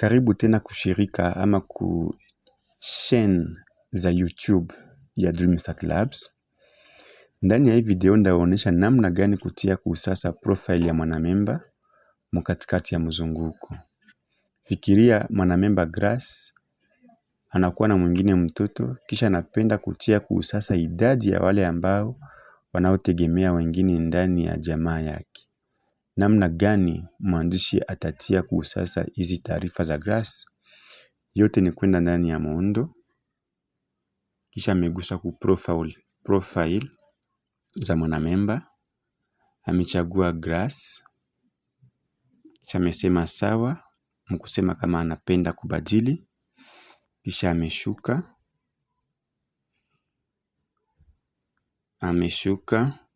Karibu tena kushirika ama chain za YouTube ya DreamStart Labs. Ndani ya hii video ndawaonesha namna gani kutia kuusasa profile ya mwanamemba mkatikati ya mzunguko. Fikiria mwanamemba grass anakuwa na mwingine mtoto kisha anapenda kutia kuusasa idadi ya wale ambao wanaotegemea wengine ndani ya jamaa yake namna gani mwandishi atatia kuusasa hizi taarifa za grass yote ni kwenda ndani ya muundo kisha amegusa ku profile, profile za mwanamemba amechagua grass kisha amesema sawa mkusema kama anapenda kubadili kisha ameshuka ameshuka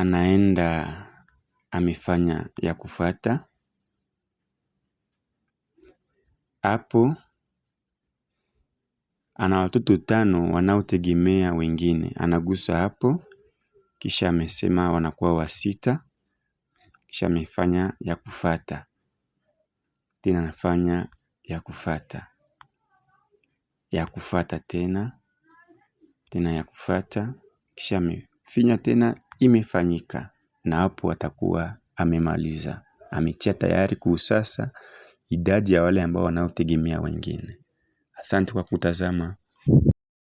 anaenda amefanya ya kufata Hapo ana watoto tano wanaotegemea wengine, anagusa hapo, kisha amesema wanakuwa wasita, kisha amefanya ya kufata tena, anafanya ya kufata ya kufata tena tena ya kufata kisha amefinya tena imefanyika na hapo atakuwa amemaliza ametia tayari kuusasa idadi ya wale ambao wanaotegemea wengine asante kwa kutazama